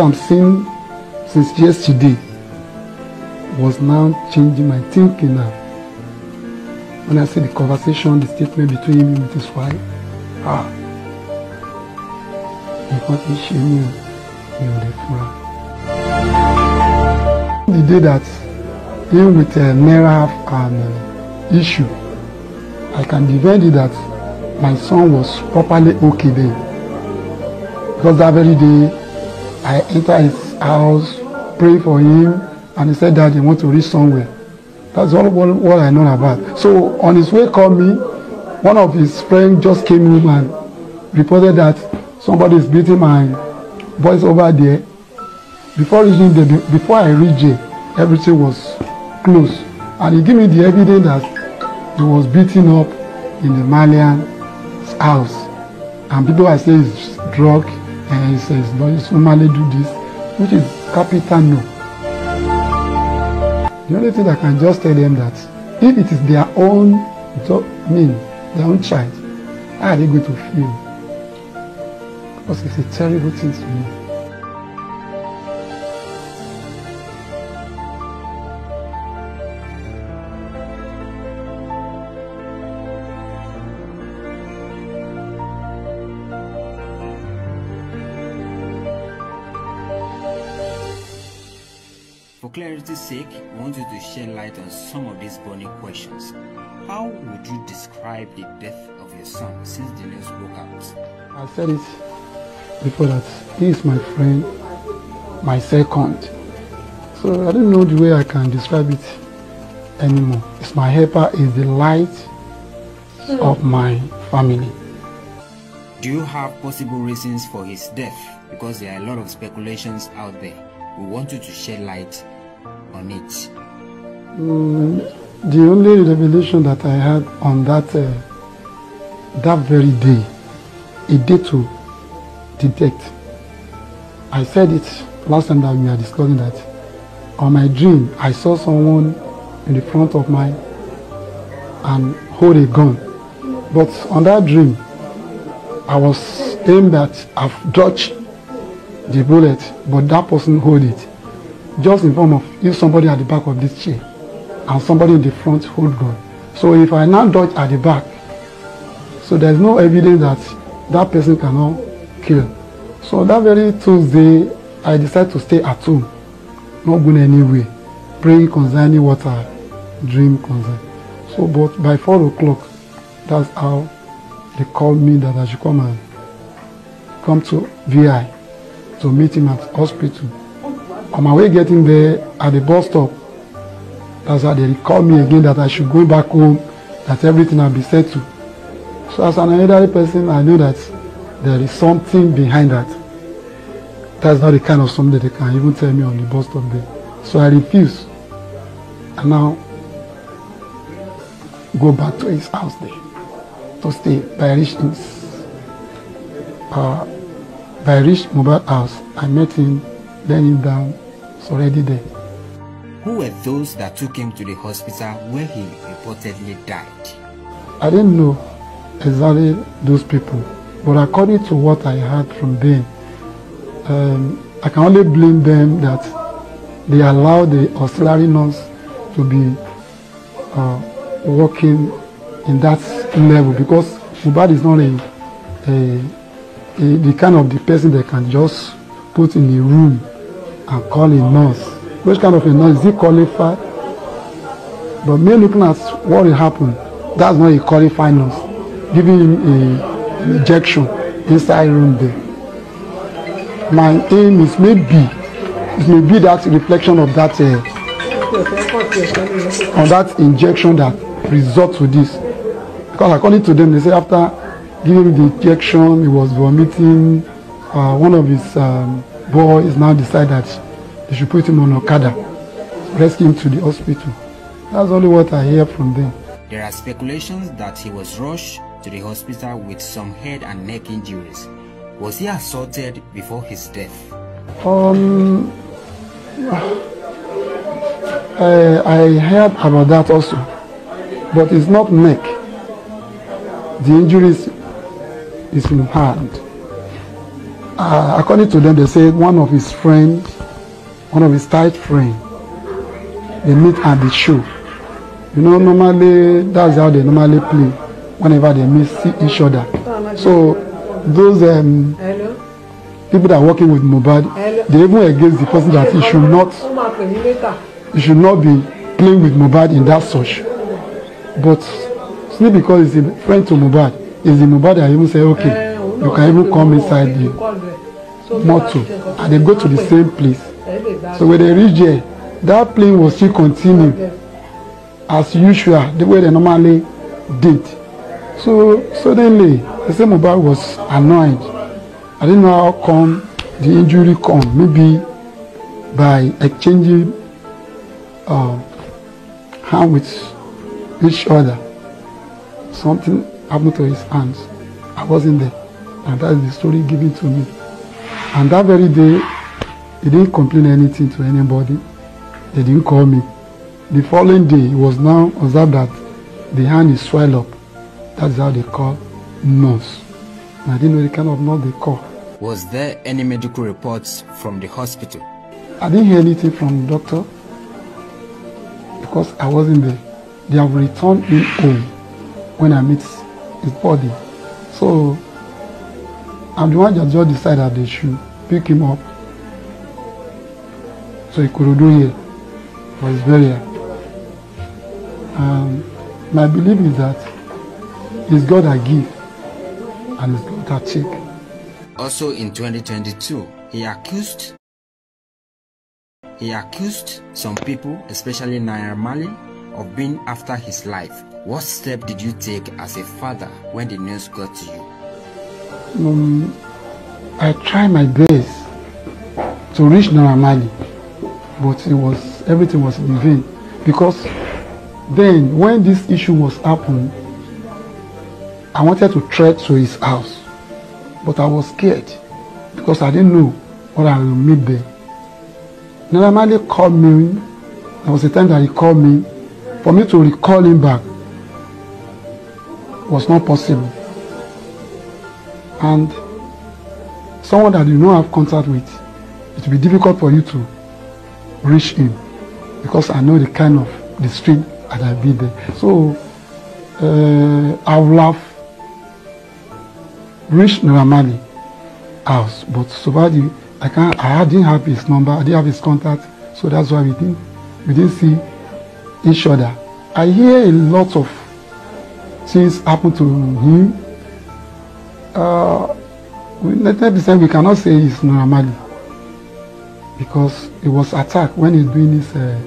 I'm since yesterday was now changing my thinking now. When I see the conversation, the statement between him and his wife, ah, because he she knew he would have The day that even with a narrow um, issue, I can defend it that my son was properly okay then. Because that very day, I enter his house, pray for him, and he said that he want to reach somewhere. That's all what, what I know about. So on his way called me, one of his friends just came in and reported that somebody is beating my boys over there. Before reaching there, before I reached there, everything was closed. And he gave me the evidence that he was beating up in the Malian house. And people are saying he's drunk, And he says, but you normally do this, which is capital no. The only thing I can just tell them that if it is their own, mean, their own child, how are they going to feel? Because it's a terrible thing to me. For clarity's sake, we want you to shed light on some of these burning questions. How would you describe the death of your son since the news broke out? I said it before that he is my friend, my second. So I don't know the way I can describe it anymore. It's my helper, is the light of my family. Do you have possible reasons for his death? Because there are a lot of speculations out there. We want you to shed light on it? Mm, the only revelation that I had on that uh, that very day, a day to detect. I said it last time that we are discussing that. On my dream, I saw someone in the front of mine and hold a gun. But on that dream, I was aimed at, I've dodged the bullet, but that person hold it just in form of if somebody at the back of this chair and somebody in the front hold gun so if i now dodge at the back so there's no evidence that that person cannot kill so that very tuesday i decided to stay at home not going anywhere praying concerning what i dream concern so but by four o'clock that's how they called me that i should come and come to vi to meet him at hospital On my way getting there at the bus stop, that's how they called me again that I should go back home, that everything had been settled. So as an elderly person, I know that there is something behind that. That's not the kind of something that they can even tell me on the bus stop there. So I refuse. And now go back to his house there to stay by rich uh, by rich mobile house. I met him Then he down, It's already there. Who were those that took him to the hospital where he reportedly died? I didn't know exactly those people, but according to what I heard from them, um, I can only blame them that they allowed the auxiliary nurse to be uh, working in that level because Mohbad is not a, a, a the kind of the person they can just put in a room and call a nurse. Which kind of a nurse? Is he qualified? But me looking at what will happen, that's not a qualified nurse. Giving him a injection inside room there. My aim is maybe, it may be that reflection of that uh, on that injection that results to this because according to them they say after giving the injection he was vomiting uh, one of his um, boy is now decided that they should put him on Okada, rescue him to the hospital. That's only what I hear from them. There are speculations that he was rushed to the hospital with some head and neck injuries. Was he assaulted before his death? Um, I, I heard about that also, but it's not neck. The injuries is in hand. uh, according to them, they say one of his friends, one of his tight friends, they meet at the show. You know, normally that's how they normally play whenever they meet see each other. So those um, people that are working with Mubad, they even against the person that he should not, he should not be playing with Mubad in that such. But simply because he's a friend to Mubad, is the Mubad that even say okay, eh, you can even come inside the motor and they go to the same place so when they reach there that plane will still continue as usual the way they normally did so suddenly the same mobile was annoyed I didn't know how come the injury come maybe by exchanging uh, hand with each other something happened to his hands I wasn't there and that's the story given to me. And that very day, he didn't complain anything to anybody. They didn't call me. The following day, it was now observed that the hand is swelled up. That's how they call nose. And I didn't know the kind of nurse they call. Was there any medical reports from the hospital? I didn't hear anything from the doctor because I wasn't there. They have returned him home when I meet his body. So I'm the one that just decided that they should pick him up. So he could do here for his burial. my belief is that it's God that give, and it's God that takes. Also in 2022, he accused he accused some people, especially Naira Mali, of being after his life. What step did you take as a father when the news got to you? um, I tried my best to reach Naira but it was everything was in vain because then when this issue was happening, I wanted to tread to his house, but I was scared because I didn't know what I will meet there. Naira called me. There was a time that he called me. For me to recall him back was not possible and someone that you don't have contact with, it will be difficult for you to reach him because I know the kind of the street that I've been there. So uh, I would have reached Naramali house, but Sobadi, I can't. I didn't have his number. I didn't have his contact, so that's why we didn't we didn't see each other. I hear a lot of things happen to him uh, 99% we cannot say it's Naramali because it was attacked when he's doing this uh,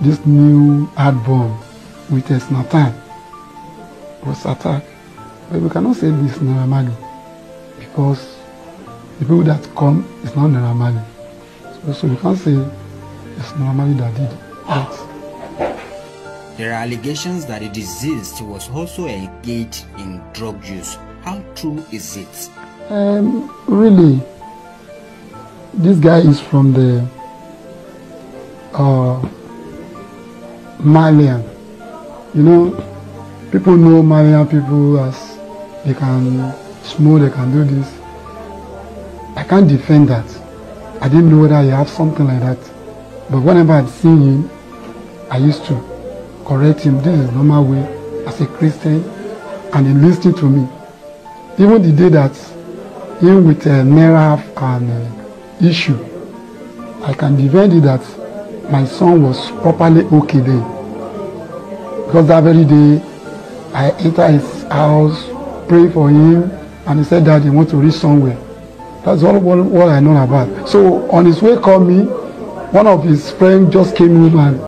this new ad bomb, with a Snatan. He was attacked. But we cannot say this Naramali because the people that come is not Naramali. So, so we can't say it's Naramali that did that. There are allegations that the deceased was also engaged in drug use How true is it? Um, really, this guy is from the uh, Malian. You know, people know Malian people as they can smoke, they can do this. I can't defend that. I didn't know whether you have something like that. But whenever I'd seen him, I used to correct him. This is normal way as a Christian, and he listened to me even the day that even with uh, a naira and uh, issue i can defend it that my son was properly okay then because that very day i enter his house pray for him and he said that he want to reach somewhere that's all what, what i know about so on his way call me one of his friends just came in and